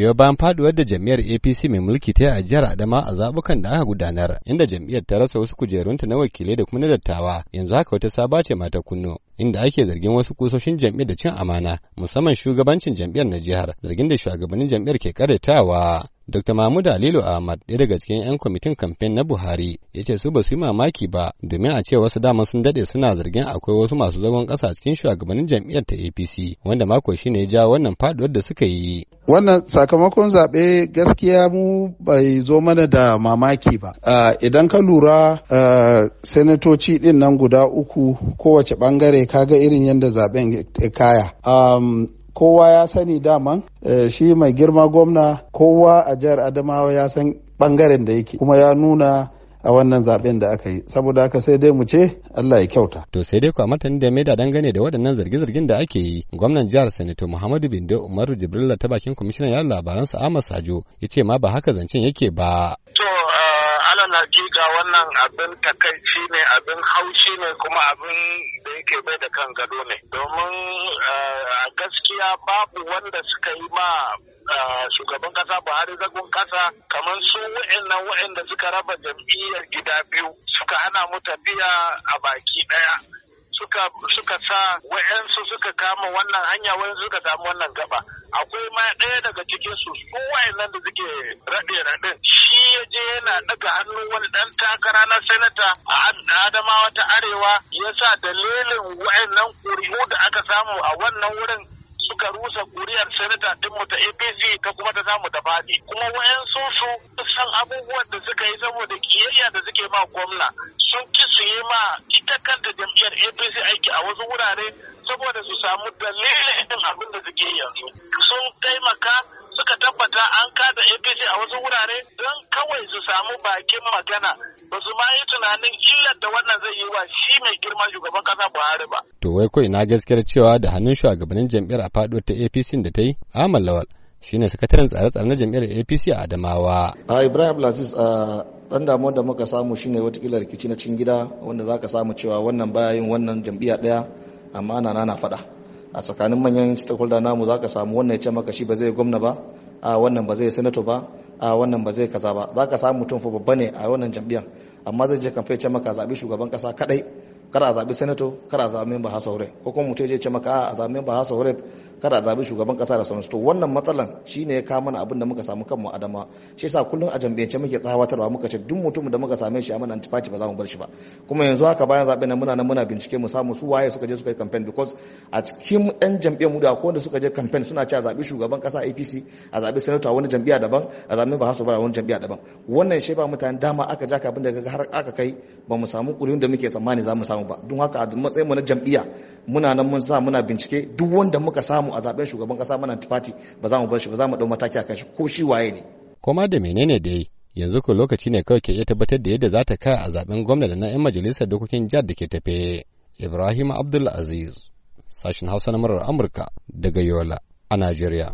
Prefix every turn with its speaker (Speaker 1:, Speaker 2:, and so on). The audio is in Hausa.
Speaker 1: biyo bayan faduwar da jam'iyyar APC mai mulki ta yi a jihar Adama a zabukan da aka gudanar inda jam'iyyar ta rasa wasu kujerunta na wakilai da kuma na dattawa yanzu haka wata saba ce mata kunno inda ake zargin wasu kusoshin jam'iyyar da cin amana musamman shugabancin jam'iyyar na jihar zargin da shugabannin jam'iyyar ke karetawa Dr. Mahmud Alilu Ahmad, ɗaya daga cikin 'yan kwamitin kamfen na Buhari, ya ce su ba su yi mamaki ba domin a ce wasu dama sun daɗe suna zargin akwai wasu masu zagon ƙasa cikin shugabannin jam'iyyar ta APC, wanda mako shi ne ja wannan faduwar da suka yi.
Speaker 2: Wannan sakamakon zaɓe gaskiya mu bai zo mana da mamaki ba. Idan ka lura senatoci ɗin nan guda uku kowace ɓangare Ka ga irin yadda zaben kaya um, kowa ya sani daman eh, shi mai girma gwamna kowa a jihar adamawa ya san bangaren da yake kuma ya nuna a wannan zaben da aka yi saboda haka sai dai mu ce Allah ya kyauta.
Speaker 1: To sai dai ku martani da mai da dangane da waɗannan zargi-zargin da ake yi gwamnan jihar Sanato Muhammadu Bindo Umaru Jibrila ta bakin kwamishinan yaran labaran Ahmad Sajo ya ce ma ba haka zancen yake ba.
Speaker 3: na hakika wannan abin takaici ne abin haushi ne kuma abin da yake bai da kan gado ne domin eh, a gaskiya babu wanda suka yi ma eh, shugaban kasa buhari zagon kasa kamar su wa'annan wa'anda suka raba jam'iyyar gida biyu suka hana mu tafiya a baki daya suka suka sa wa'ansu suka kama wannan hanya wani suka samu wannan gaba akwai ma ɗaya daga cikin su su wa'annan da suke raɗe raɗin ya je yana daga hannun wani ɗan takara na sanata a Adamawa ta Arewa ya sa dalilin wa'annan kuri'u da aka samu a wannan wurin suka rusa kuri'ar sanata dinmu ta APC ta kuma ta samu ta fadi kuma su su san abubuwan da suka yi saboda kiyayya da suke ma gwamna sun ki su yi ma ita kanta jam'iyyar APC aiki a wasu wurare saboda su samu dalilin abin da suke yanzu sun taimaka suka tabbata an kada APC a wasu wurare don kawai su samu bakin magana ba su ma yi tunanin illar da wannan zai yi wa shi mai girma shugaban kasa Buhari ba.
Speaker 1: To wai kawai na gaskiyar cewa da hannun shugabannin jam'iyyar a faɗo ta APC da ta yi ahmad Lawal shine sakataren tsare-tsare na jam'iyyar APC a Adamawa.
Speaker 4: A Ibrahim Lazis a dan damuwar da muka samu shi shine watakila rikici na cikin gida wanda zaka samu cewa wannan baya yin wannan jam'iyya daya amma ana na faɗa. a tsakanin manyan stakeholder namu za ka samu wannan ya ce maka shi ba zai gwamna ba a wannan ba zai sanato ba a wannan ba zai kaza ba za ka samu mutum fa babba ne a wannan jam'iyyar amma zai je kamfe ce maka zaɓi shugaban kasa kadai kar a zaɓi sanato kar a zaɓi of rep ko kuma mutum je ce maka a zaɓi of rep kada a zabi shugaban kasa da sauransu to wannan matsalan shine ya kawo mana abin da muka samu kanmu adama shi yasa kullum a jam'iyyance muke tsawatarwa muka ce duk mutum da muka same shi a mana antifati ba za mu bar shi ba kuma yanzu haka bayan zaɓe na muna nan muna bincike mu samu su waye suka je suka yi campaign because a cikin yan jam'iyyar mu da akwai wanda suka je campaign suna cewa zabi shugaban kasa APC a zabi senator wani jam'iyya daban a zabi ba hasu ba wani jam'iyya daban wannan shi ba mutane dama aka ja ka abin da har aka kai ba mu samu ƙuri'un da muke tsammani za mu samu ba don haka a matsayin mu na jam'iyya muna nan mun sa muna bincike duk wanda muka samu a zaben shugaban kasa muna tifati ba za mu bar shi ba za mu dau mataki akan
Speaker 1: shi ko shi waye ne koma da menene dai yanzu ko lokaci ne kawai ke iya tabbatar da yadda za ta kai a zaben gwamna da na 'yan majalisar dokokin jihar da ke tafe ibrahim abdul aziz sashen hausa na murar amurka daga yola a najeriya